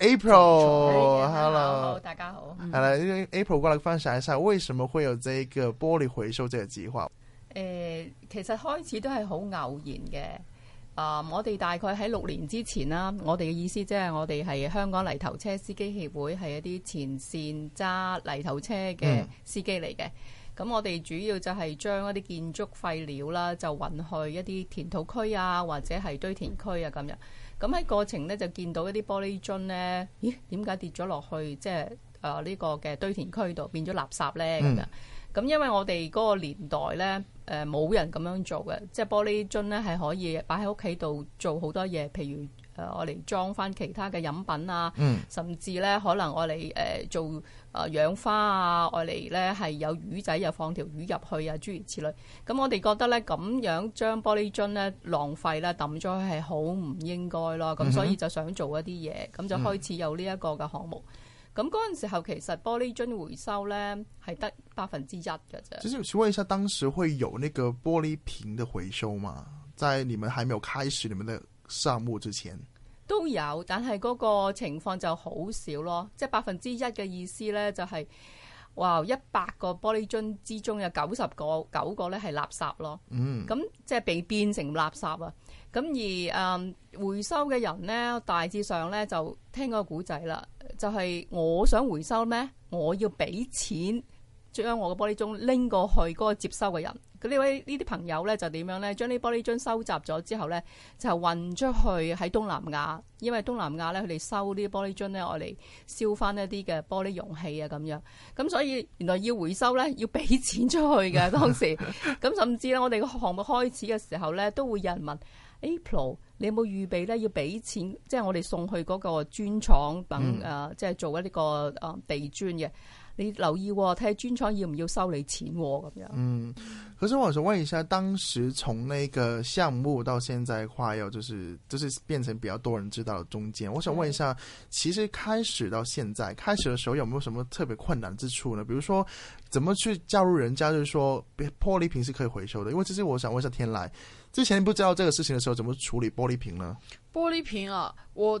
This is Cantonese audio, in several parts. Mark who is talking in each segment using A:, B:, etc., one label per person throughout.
A: April，hello，、嗯、大家好。係啦，April，過來分享一下，為什麼會有這個玻璃回收這個計劃？
B: 誒，其實開始都係好偶然嘅。啊、um,，我哋大概喺六年之前啦，我哋嘅意思即係我哋係香港泥頭車司機協會，係一啲前線揸泥頭車嘅司機嚟嘅。Mm hmm. 咁我哋主要就係將一啲建築廢料啦，就運去一啲填土區啊，或者係堆填區啊咁樣。咁喺過程咧，就見到一啲玻璃樽咧，咦？點解跌咗落去即係誒呢個嘅堆填區度變咗垃圾咧？咁樣，咁因為我哋嗰個年代咧，誒、呃、冇人咁樣做嘅，即係玻璃樽咧係可以擺喺屋企度做好多嘢，譬如誒我哋裝翻其他嘅飲品啊，嗯、甚至咧可能我哋誒做。誒養、呃、花啊，愛嚟咧係有魚仔又放條魚入去啊，諸如此類。咁我哋覺得咧咁樣將玻璃樽咧浪費啦，抌咗係好唔應該咯。咁所以就想做一啲嘢，咁、嗯、哼就開始有呢一個嘅項目。咁嗰陣時候其實玻璃樽回收咧係得百分之一㗎啫。其實我請
A: 問一下，當時會有那個玻璃瓶的回收嘛？在你們還沒有開始你們的項目之前。
B: 都有，但係個情況就好少咯，即係百分之一嘅意思咧，就是，就係哇一百個玻璃樽之中有九十個九個咧係垃圾咯，嗯，咁即係被變成垃圾啊，咁而誒回收嘅人咧大致上，咧就聽個故仔啦，就係、是、我想回收咩，我要俾錢，將我嘅玻璃樽拎過去個接收嘅人。呢位呢啲朋友咧就點樣咧？將呢玻璃樽收集咗之後咧，就運出去喺東南亞，因為東南亞咧佢哋收呢啲玻璃樽咧，我嚟燒翻一啲嘅玻璃容器啊咁樣。咁所以原來要回收咧要俾錢出去嘅當時。咁 甚至咧，我哋個項目開始嘅時候咧，都會有人問 Apple 你有冇預備咧要俾錢？即、就、係、是、我哋送去嗰個磚廠等誒、嗯呃，即係做一呢個誒、呃、地磚嘅。你留意睇下磚廠要唔要收你錢咁、哦、
A: 樣？嗯，可是我想問一下，當時從那個項目到現在，快要就是就是變成比較多人知道的中間，我想問一下，嗯、其實開始到現在，開始的時候有沒有什麼特別困難之處呢？比如說，怎麼去加入人家，就是說玻璃瓶是可以回收的，因為其實我想問一下天來，之前不知道這個事情的時候，怎麼處理玻璃瓶呢？
C: 玻璃瓶啊，我。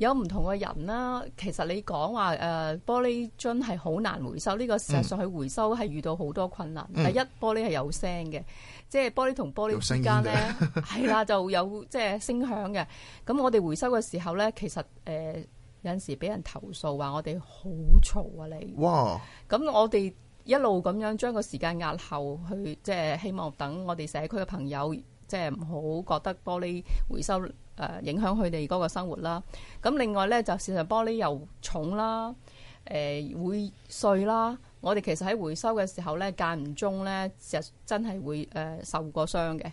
B: 有唔同嘅人啦，其實你講話誒玻璃樽係好難回收，呢、這個事實上去回收係遇到好多困難。嗯、第一，玻璃係有聲嘅，即係玻璃同玻璃之間咧，係啦就有 即係聲響嘅。咁我哋回收嘅時候咧，其實誒、呃、有陣時俾人投訴話我哋好嘈啊你！你哇，咁我哋一路咁樣將個時間壓後去，即係希望等我哋社區嘅朋友，即係唔好覺得玻璃回收。誒影響佢哋嗰個生活啦。咁另外呢，就事實玻璃又重啦，誒、呃、會碎啦。我哋其實喺回收嘅時候呢，間唔中呢，其實真係會誒受過傷嘅。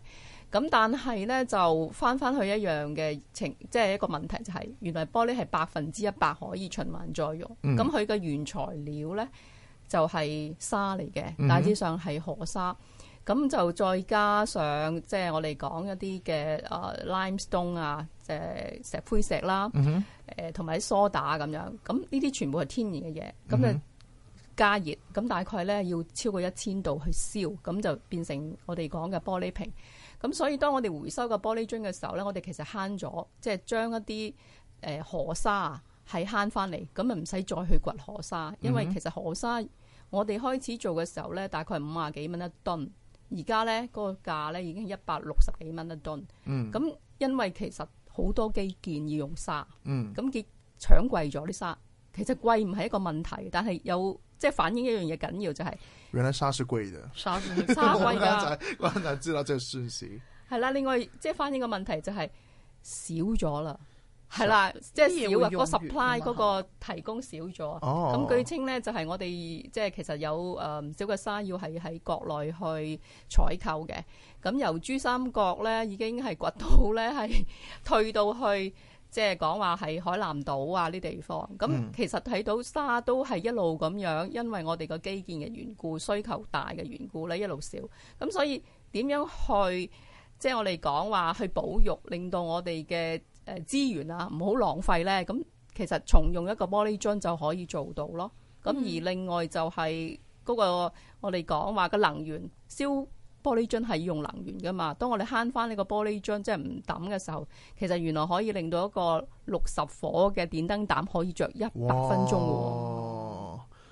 B: 咁但係呢，就返返去一樣嘅情，即係一個問題就係、是，原來玻璃係百分之一百可以循環再用。咁佢嘅原材料呢，就係、是、沙嚟嘅，大致、嗯、上係河沙。咁就再加上即係我哋講一啲嘅 limestone 啊，即係、啊、石灰石啦，同埋喺梳打咁樣，咁呢啲全部係天然嘅嘢，咁、嗯、哼就加熱，咁大概咧要超過一千度去燒，咁就變成我哋講嘅玻璃瓶。咁所以當我哋回收個玻璃樽嘅時候咧，我哋其實慳咗，即、就、係、是、將一啲誒、呃、河沙係慳翻嚟，咁唔使再去掘河沙，因為其實河沙我哋開始做嘅時候咧，大概五廿幾蚊一噸。而家咧嗰個價咧已經一百六十幾蚊一噸，咁、嗯、因為其實好多基建要用沙，咁佢、嗯、搶貴咗啲沙。其實貴唔係一個問題，但係有即係反映一樣嘢緊要就係、是，
A: 原來沙是貴嘅，沙貴沙貴啊！嗰陣就知啦，即係酸屎。
B: 係啦，另外即係反映個問題就係、是、少咗啦。係啦，即係少個 supply 嗰個提供少咗。咁、哦、據稱呢，就係、是、我哋即係其實有誒唔少嘅沙要係喺國內去採購嘅。咁由珠三角呢已經係掘到呢，係退到去即係講話係海南島啊啲地方。咁其實睇到沙都係一路咁樣，因為我哋個基建嘅緣故，需求大嘅緣故呢一路少。咁所以點樣去即係我哋講話去保育，令到我哋嘅誒資源啊，唔好浪費咧。咁其實重用一個玻璃樽就可以做到咯。咁、嗯、而另外就係嗰個我哋講話嘅能源，燒玻璃樽係要用能源噶嘛。當我哋慳翻呢個玻璃樽，即係唔抌嘅時候，其實原來可以令到一個六十火嘅電燈膽可以着一百分鐘喎。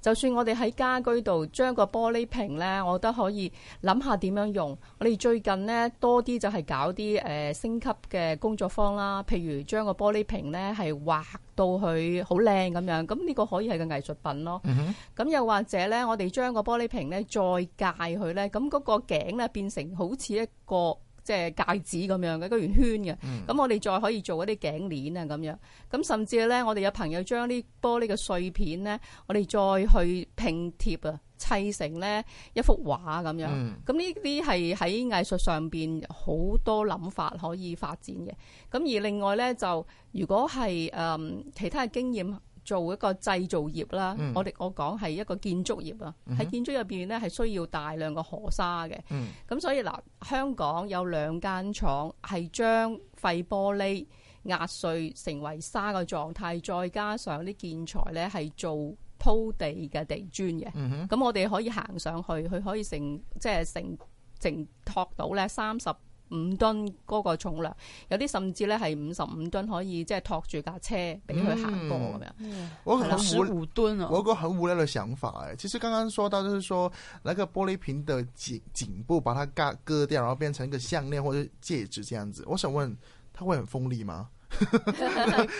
B: 就算我哋喺家居度將個玻璃瓶呢，我覺得可以諗下點樣用。我哋最近呢，多啲就係搞啲誒、呃、升級嘅工作坊啦，譬如將個玻璃瓶呢，係畫到佢好靚咁樣，咁呢個可以係個藝術品咯。咁、uh huh. 又或者呢，我哋將個玻璃瓶呢，再界佢呢，咁嗰個頸呢，變成好似一個。即係戒指咁樣嘅，一個圓圈嘅。咁、嗯、我哋再可以做一啲頸鏈啊，咁樣。咁甚至咧，我哋有朋友將啲玻璃嘅碎片咧，我哋再去拼貼啊，砌成咧一幅畫咁樣。咁呢啲係喺藝術上邊好多諗法可以發展嘅。咁而另外咧，就如果係誒、呃、其他嘅經驗。做一個製造業啦，嗯、我哋我講係一個建築業啦。喺、嗯、哼建築入邊呢，係需要大量嘅河沙嘅。咁、嗯、所以嗱，香港有兩間廠係將廢玻璃壓碎成為沙嘅狀態，再加上啲建材呢係做鋪地嘅地磚嘅。咁、嗯、哼我哋可以行上去，佢可以承，即係承承托到呢三十五噸嗰個重量，有啲甚至咧係五十五噸，可以即係托住架車俾佢行過咁樣。我很無端啊！我有
A: 個很無聊的想法誒，其實剛剛說到就是說，那個玻璃瓶的頸頸部，把它割割掉，然後變成一個項鏈或者戒指這樣子。我想問，它會很鋒利嗎？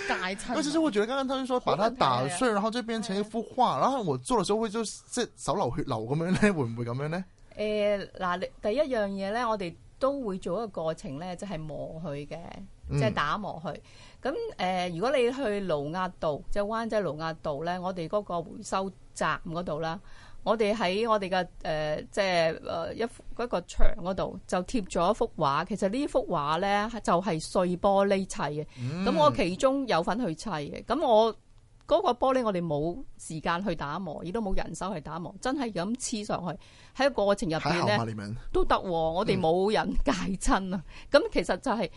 B: 但 其
A: 實我覺得剛剛他就說，把它打碎，啊、然後就變成一幅畫。然後我做的時候會唔會即係手流血流咁樣咧？會唔會咁樣咧？
B: 誒，嗱，第一樣嘢咧，我哋。都會做一個過程咧，即係磨佢嘅，即係打磨佢。咁誒、嗯呃，如果你去盧押道，即係灣仔盧押道咧，我哋嗰個回收站嗰度啦，我哋喺我哋嘅誒，即係誒一一個牆嗰度就貼咗一幅畫。其實呢幅畫咧就係碎玻璃砌
A: 嘅，咁、嗯、我其
B: 中有份去砌嘅，咁我。嗰個玻璃我哋冇時間去打磨，亦都冇人手去打磨，真係咁黐上去，喺個過程入面呢， 都得。我哋冇人戒親啊！咁其實就係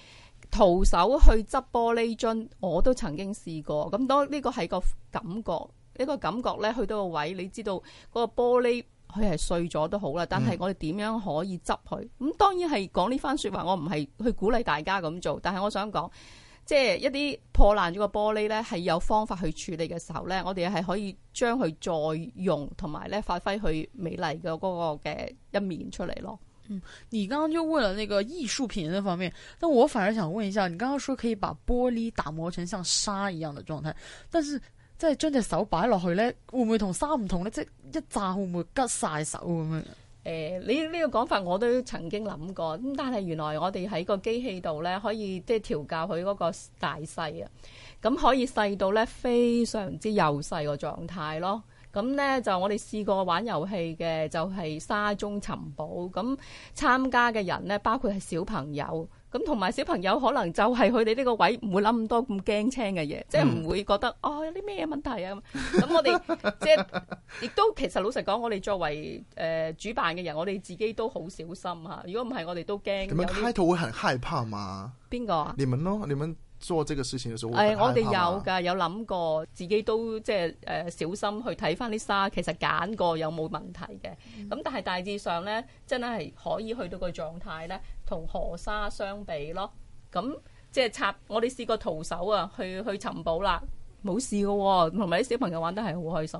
B: 徒手去執玻璃樽，我都曾經試過。咁當呢個係個感覺，呢、呢個感覺呢，去到個位，你知道嗰個玻璃佢係碎咗都好啦。但係我哋點樣可以執佢？咁、嗯、當然係講呢番說話，我唔係去鼓勵大家咁做，但係我想講。即係一啲破爛咗個玻璃咧，係有方法去處理嘅時候咧，我哋係可以將佢再用，同埋咧，發揮佢美麗嘅嗰個嘅一面出嚟咯。嗯，
C: 你剛剛就問咗那個藝術品嘅方面，但我反而想問一下，你剛剛說可以把玻璃打磨成像沙一樣嘅狀態，但是即係將隻手擺落去咧，會唔會同沙唔同咧？即係一砸會唔會吉晒手咁樣？
B: 誒、哎，你呢個講法我都曾經諗過，咁但係原來我哋喺個機器度呢，可以即係、就是、調校佢嗰個大細啊，咁可以細到呢，非常之幼細個狀態咯。咁呢，就我哋試過玩遊戲嘅，就係沙中尋寶。咁參加嘅人呢，包括係小朋友。咁同埋小朋友可能就係佢哋呢個位唔會諗咁多咁驚青嘅嘢，嗯、即係唔會覺得哦，有啲咩問題啊咁。 我哋即係亦都其實老實講，我哋作為、呃、主辦嘅人，我哋自己都好小心吓，如果唔係，我哋都驚。咁樣開
A: 頭會很害怕嘛？邊個啊？你哋咯，你哋。做呢個事情嘅時候，誒、哎，我哋有
B: 噶，有諗過，自己都即係誒小心去睇返啲沙，其實揀過有冇問題嘅，咁、嗯、但係大致上呢，真係可以去到個狀態呢，同河沙相比咯，咁即係插，我哋試過徒手啊去去尋寶啦，冇事噶、哦，同埋啲小朋友玩得係好開心。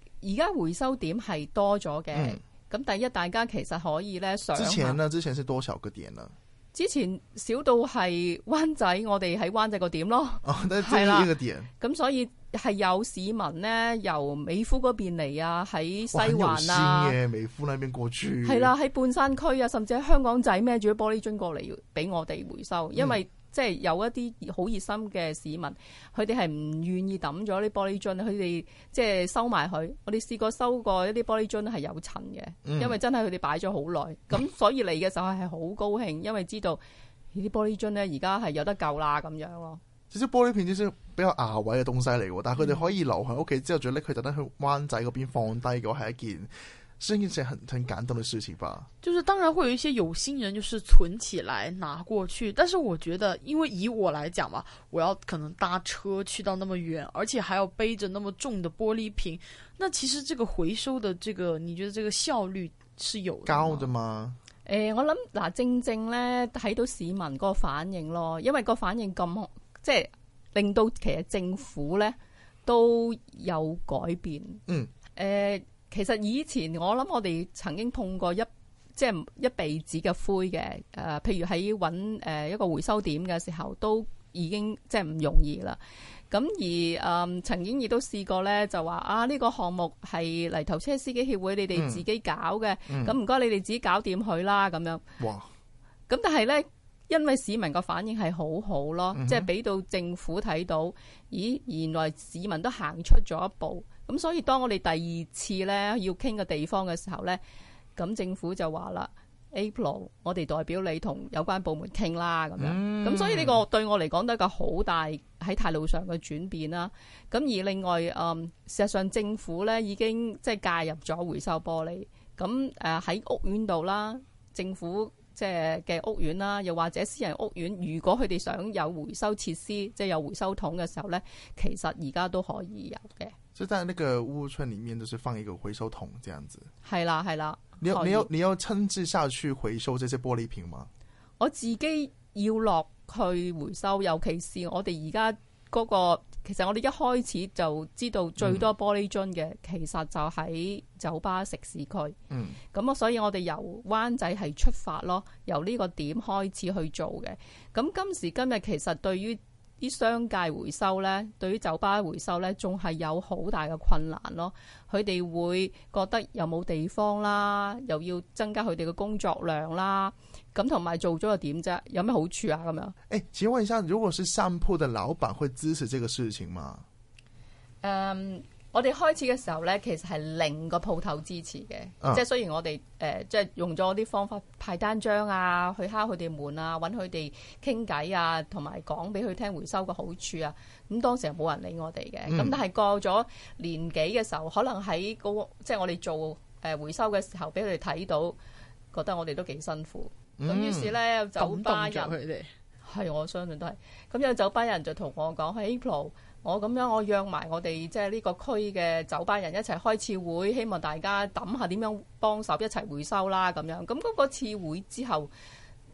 B: 而家回收點係多咗嘅，咁第一大家其實可以咧想。之前
A: 呢？之前是多少個點啦？
B: 之前少到係灣仔，我哋喺灣仔個點咯，
A: 哦、都係呢個點、係啦。
B: 咁所以係有市民咧由美孚嗰邊嚟啊，喺西環、啊啊、啦，
A: 美孚嗰邊過去係啦，喺
B: 半山區啊，甚至喺香港仔孭住啲玻璃樽過嚟俾我哋回收，因為。即係有一啲好熱心嘅市民，佢哋係唔願意抌咗啲玻璃樽，佢哋即係收埋佢。我哋試過收過一啲玻璃樽係有塵嘅，因為真係佢哋擺咗好耐咁，所以嚟嘅時候係好高興，因為知道呢啲玻璃樽咧而家係有得救啦咁樣咯。
A: 少少、嗯、玻璃片少少比較牙煙嘅東西嚟嘅，但係佢哋可以留喺屋企之後，再拎佢特登去灣仔嗰邊放低嘅話，係一件。真是，一件很很感動的事情吧。
C: 就是當然會有一些有心人，就是存起來拿過去。但是我覺得，因為以我來講嘛，我要可能搭車去到那麼遠，而且還要背着那麼重的玻璃瓶，那其實這個回收的這個，你覺得這個效
B: 率
A: 係有高嘅嗎？
B: 誒、呃，我諗嗱、呃，正正咧睇到市民個反應咯，因為個反應咁，即係令到其實政府咧都有改變。嗯、誒、呃。其實以前我諗我哋曾經碰過一即係、就是、一鼻子嘅灰嘅，誒、呃,譬如喺揾誒一個回收點嘅時候，都已經即係唔容易啦。咁而誒、呃、曾經亦都試過呢，就話啊呢、這個項目係泥頭車司機協會，你哋自己搞嘅，咁唔該你哋自己搞掂佢啦，咁樣。哇！咁但係呢，因為市民個反應係好好咯，嗯、哼即係俾到政府睇到，咦，原來市民都行出咗一步。咁所以，當我哋第二次咧要傾嘅地方嘅時候呢，咁政府就話啦：April，我哋代表你同有關部門傾啦，咁樣、嗯。咁所以呢個對我嚟講都係一個好大喺態度上嘅轉變啦。咁而另外，嗯，事實上政府呢已經即係介入咗回收玻璃。咁誒喺屋苑度啦，政府即係嘅屋苑啦，又或者私人屋苑，如果佢哋想有回收設施，即係有回收桶嘅時候呢，其實而家都可以有嘅。
A: 即在個屋村裏面，就是放一個回收桶，這樣子。
B: 係啦，係啦你。你要你要你
A: 要親自下去回收這些玻璃瓶嗎？
B: 我自己要落去回收，尤其是我哋而家嗰個，其實我哋一開始就知道最多玻璃樽嘅，嗯、其實就喺酒吧食肆區。嗯。咁啊，所以我哋由灣仔係出發咯，由呢個點開始去做嘅。咁今時今日，其實對於。啲商界回收呢，對於酒吧回收呢，仲係有好大嘅困難咯。佢哋會覺得又冇地方啦，又要增加佢哋嘅工作量啦。咁同埋做咗又點啫？有咩好
A: 處啊？咁樣。誒，請問一下，如果是商鋪嘅老闆，會支持呢個事情嗎？嗯。
B: Um, 我哋開始嘅時候呢，其實係零個鋪頭支持嘅，啊、即係雖然我哋誒、呃、即係用咗啲方法派單張啊，去敲佢哋門啊，揾佢哋傾偈啊，同埋講俾佢聽回收嘅好處啊，咁當時係冇人理我哋嘅，咁、嗯、但係過咗年幾嘅時候，可能喺、嗰個、即係我哋做誒回收嘅時候，俾佢哋睇到，覺得我哋都幾辛苦，咁於、嗯、是呢，有酒吧人，係我相信都係，咁有酒吧人就同我講，喺 Apple 我咁樣，我約埋我哋即係呢個區嘅酒吧人一齊開次會，希望大家抌下點樣幫手一齊回收啦咁樣。咁嗰個次會之後，誒、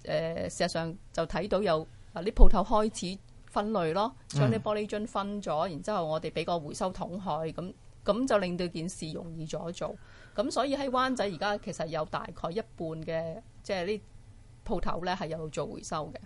B: 呃，事實上就睇到有啊啲鋪頭開始分類咯，將啲玻璃樽分咗，然之後我哋俾個回收桶去，咁咁就令到件事容易咗做。咁所以喺灣仔而家其實有大概一半嘅即係呢啲鋪頭呢，係有做回收嘅。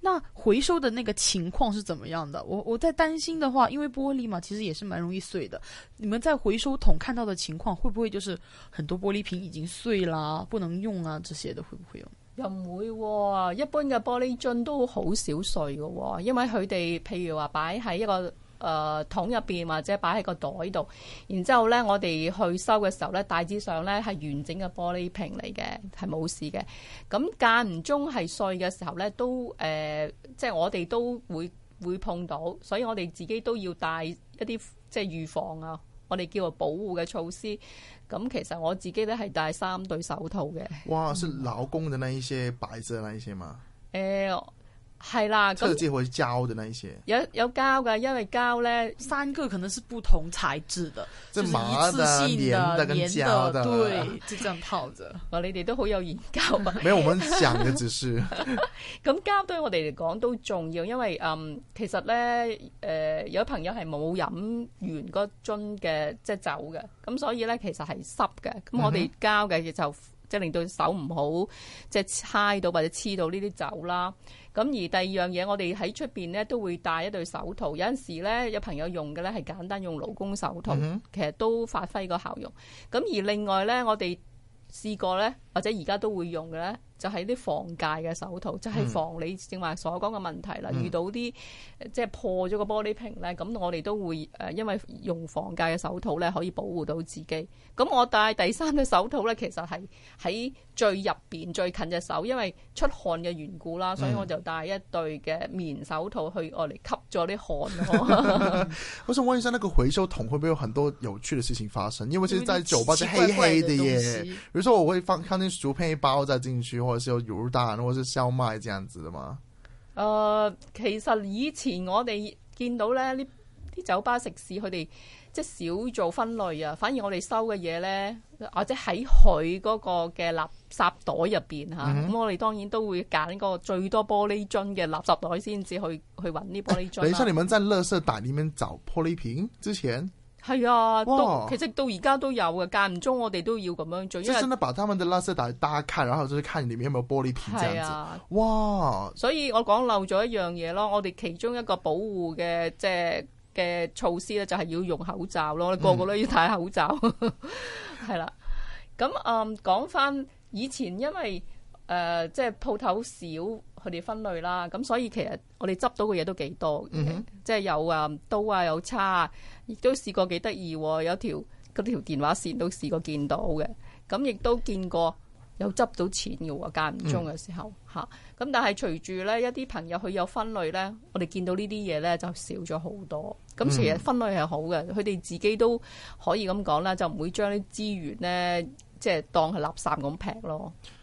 C: 那回收的那個情況是怎麼樣的？我我在擔心的話，因為玻璃嘛，其實也是蠻容易碎的。你們在回收桶看到的情況，會不會就是很多玻璃瓶已經碎啦，不能用啊？這些的會不會有？
B: 又唔會喎，一般嘅玻璃樽都好少碎嘅喎，因為佢哋譬如話擺喺一個。誒、呃、桶入邊或者擺喺個袋度，然之後呢，我哋去收嘅時候呢，大致上呢係完整嘅玻璃瓶嚟嘅，係冇事嘅。咁間唔中係碎嘅時候呢，都誒、呃，即係我哋都會會碰到，所以我哋自己都要帶一啲即係預防啊，我哋叫做保護嘅措施。咁其實我自己呢係帶三對手套嘅。
A: 哇！是老公嘅那一些白色那一些嘛。
B: 呃係啦，咁或者
A: 膠的那一些
B: 有有膠噶，因為膠咧三個可
C: 能是不同材質的，即係一次性的，黏的跟膠的，的，對，即
B: 係咁泡。你哋都好有研究啊！沒有我們想嘅只是咁膠對我哋嚟講都重要，因為、嗯、其實咧，誒、呃，有朋友係冇飲完嗰樽嘅即係酒嘅，咁所以咧其實係濕嘅，咁我哋膠嘅就即係、嗯、哼令到手唔好即係揩到或者黐到呢啲酒啦。咁而第二樣嘢，我哋喺出邊咧都會戴一對手套，有陣時咧有朋友用嘅咧係簡單用勞工手套，嗯、哼其實都發揮個效用。咁而另外咧，我哋試過咧，或者而家都會用嘅咧。就係啲防割嘅手套，就係、是、防你正話所講嘅問題啦。嗯、遇到啲即係破咗個玻璃瓶咧，咁、嗯、我哋都會誒，因為用防割嘅手套咧，可以保護到自己。咁我戴第三對手套咧，其實係喺最入邊最近隻手，因為出汗嘅緣故啦，所以我就戴一對嘅棉手套去，外嚟吸咗啲汗。
A: 我想問醫生，呢個回收桶會唔會有很多有趣嘅事情發生？因為其實在酒吧黑黑，啲黑黑嘅嘢，譬如說，我會放嗰啲薯片包再進去。或者有魚蛋，或者燒賣這樣子的嘛？誒、
B: 呃，其實以前我哋見到咧，呢啲酒吧食肆佢哋即係少做分類啊，反而我哋收嘅嘢咧，或者喺佢嗰個嘅垃圾袋入邊吓，咁、嗯、哼我哋當然都會揀個最多玻璃樽嘅垃圾袋先至去去揾啲玻璃樽，啊。你想、欸、下，你
A: 們在垃圾袋裡面找玻璃瓶之前。
B: 係啊，哇都，其實到而家都有嘅間唔中，我哋都要咁樣做，即係咧
A: 把他們的垃圾袋打開，然後再看裡面有冇玻璃片這樣子。係啊，哇！
B: 所以我講漏咗一樣嘢咯。我哋其中一個保護嘅即係嘅措施咧，就係要用口罩咯。我哋個個都要戴口罩係啦。咁嗯、， 啊、嗯講返以前，因為誒、呃、即係鋪頭少。佢哋分類啦，咁所以其實我哋執到嘅嘢都幾多，嗯、哼即係有啊刀啊，有叉，亦都試過幾得意，有條嗰啲條電話線都試過見到嘅，咁亦都見過有執到錢嘅喎，間唔中嘅時候吓。咁、嗯、但係隨住咧一啲朋友佢有分類咧，我哋見到呢啲嘢咧就少咗好多。咁、嗯、其實分類係好嘅，佢哋自己都可以咁講啦，就唔會將啲資源咧即係當係垃圾咁劈咯。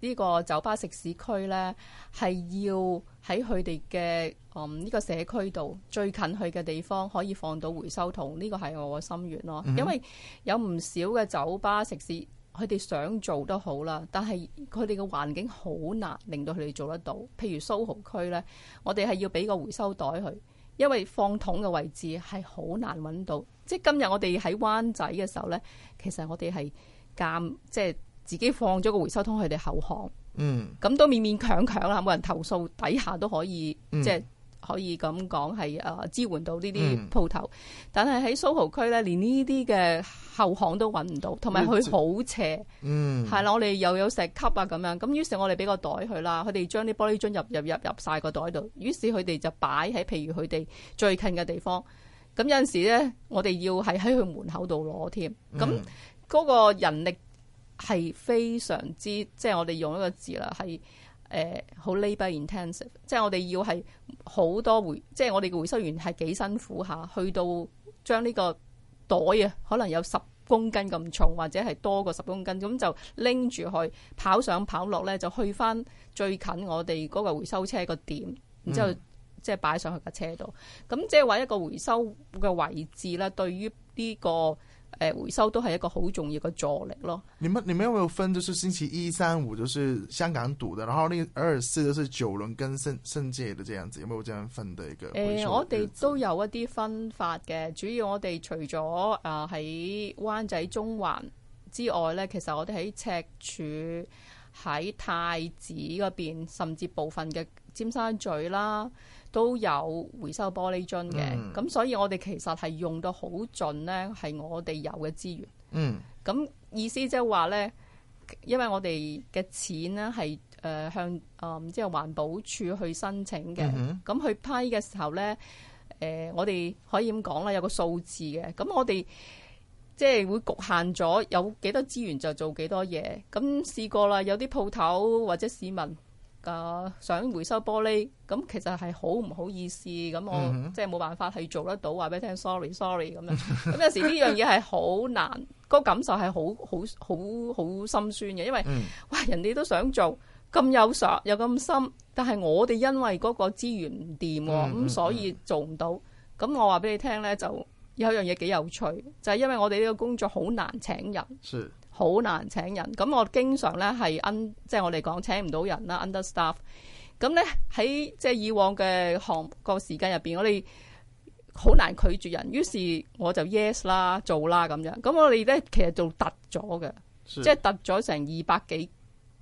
B: 呢個酒吧食肆區呢，係要喺佢哋嘅嗯、呢個社區度最近去嘅地方可以放到回收桶，呢、這個係我個心願咯。嗯、哼因為有唔少嘅酒吧食肆，佢哋想做都好啦，但係佢哋嘅環境好難，令到佢哋做得到。譬如蘇豪區呢，我哋係要俾個回收袋佢，因為放桶嘅位置係好難揾到。即係今日我哋喺灣仔嘅時候呢，其實我哋係間即係。自己放咗個回收桶佢哋後巷，咁、嗯、都勉勉強強啦，冇人投訴底下都可以，嗯、即係可以咁講係支援到、嗯 SO、呢啲鋪頭。但係喺蘇豪區咧，連呢啲嘅後巷都搵唔到，同埋佢好斜，係、嗯、啦，我哋又有石級啊，咁樣咁。於是，我哋俾個袋佢啦，佢哋將啲玻璃樽入入入入晒個袋度，於是佢哋就擺喺譬如佢哋最近嘅地方。咁有陣時咧，我哋要係喺佢門口度攞添，咁嗰、嗯、個人力。係非常之即係我哋用一個字啦，係誒好 labor-intensive，即係我哋要係好多回，即係我哋嘅回收員係幾辛苦下去到將呢個袋啊，可能有十公斤咁重，或者係多過十公斤，咁就拎住去跑上跑落呢就去翻最近我哋嗰個回收車個點，嗯、然之後即係擺上去架車度，咁即係話一個回收嘅位置啦，對於呢、呢個。回收都係一個好重要嘅助力咯。
A: 你們你們有，沒有分？就是星期一三五就是香港島的，然後呢二四就是九龍跟新界，至都這樣子，有冇咁有樣分類嘅？誒、欸，我哋
B: 都有一啲分法嘅。主要我哋除咗啊喺灣仔中環之外呢，其實我哋喺赤柱、喺太子嗰邊，甚至部分嘅尖沙咀啦。都有回收玻璃樽嘅，咁、mm hmm. 所以我哋其實係用到好盡咧，係我哋有嘅資源。嗯、mm，咁、hmm. 意思即係話咧，因為我哋嘅錢咧係誒向誒即係環保署去申請嘅，咁、mm hmm. 去批嘅時候咧，誒、呃、我哋可以咁講啦，有個數字嘅，咁我哋即係會局限咗有幾多資源就做幾多嘢。咁試過啦，有啲鋪頭或者市民，啊！想回收玻璃咁，其實係好唔好意思咁，我、mm hmm. 即係冇辦法去做得到，話俾你聽，sorry sorry 咁樣。咁 有時呢樣嘢係好難，個感受係好好好好心酸嘅，因為、mm hmm. 哇，人哋都想做咁有索又咁深。但係我哋因為嗰個資源唔掂喎，咁、mm hmm. 所以做唔到。咁我話俾你聽呢，就有一樣嘢幾有趣，就係、是、因為我哋呢個工作好難請人。好難請人，咁我經常咧係 under，即係我哋講請唔到人啦，understaff。咁咧喺即係以往嘅項個時間入邊，我哋好難拒絕人，於是我就 yes 啦，做啦咁樣。咁我哋咧其實做突咗嘅，是即係突咗成二百幾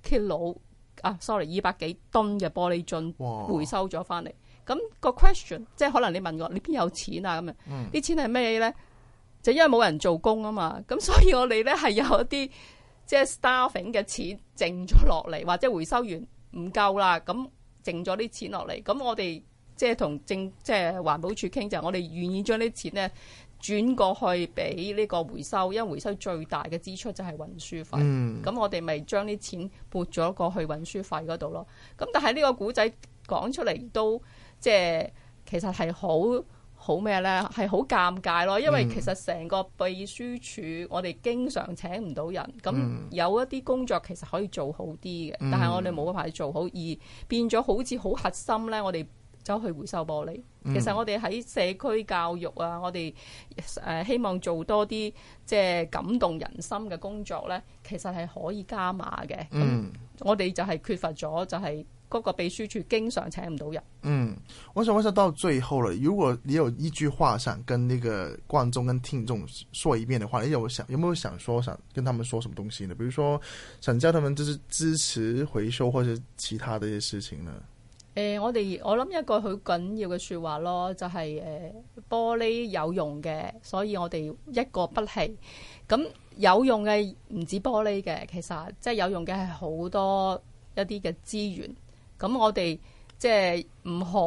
B: kilo 啊，sorry 二百幾噸嘅玻璃樽回收咗翻嚟。咁哇個 question 即係可能你問我你邊有錢啊咁樣？啲，嗯、錢係咩嘢咧？就因為冇人做工啊嘛，咁所以我哋咧係有一啲即係 staffing 嘅錢剩咗落嚟，或者回收完唔夠啦，咁剩咗啲錢落嚟，咁我哋即係同政即係環保處傾就係，我哋願意將啲錢咧轉過去俾呢個回收，因為回收最大嘅支出就係運輸費。咁、嗯、我哋咪將啲錢撥咗過去運輸費嗰度咯。咁但係呢個古仔講出嚟都即係其實係好。好咩咧？係好尷尬咯，因為其實成個秘書處，嗯、我哋經常請唔到人，咁有一啲工作其實可以做好啲嘅，嗯、但係我哋冇辦法做好，而變咗好似好核心咧。我哋走去回收玻璃，嗯、其實我哋喺社區教育啊，我哋誒希望做多啲即係感動人心嘅工作咧，其實係可以加碼嘅。嗯，我哋就係缺乏咗就係、是。嗰個秘書處經常請唔到人。
A: 嗯，我想問下，到最後了，如果你有一句話想跟呢個觀眾跟聽眾說一遍的話，你有想有冇想說想跟他們說什麼東西呢？比如說，想叫他們就是支持回收或者是其他的一些事情呢？
B: 誒、呃，我哋我諗一個好緊要嘅説話咯，就係、是、誒玻璃有用嘅，所以我哋一個不棄。咁有用嘅唔止玻璃嘅，其實即係、就是、有用嘅係好多一啲嘅資源。咁我哋即係唔好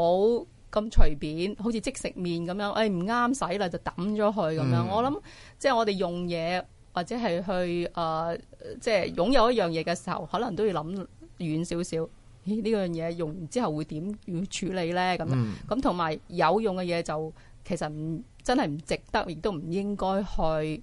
B: 咁隨便，好似即食麵咁樣，誒唔啱使啦就抌咗佢咁樣。嗯、我諗即係我哋用嘢或者係去誒，即、呃、係、就是、擁有一樣嘢嘅時候，可能都要諗遠少少。咦，呢樣嘢用完之後會點要處理咧？咁樣咁同埋有用嘅嘢就其實唔真係唔值得，亦都唔應該去。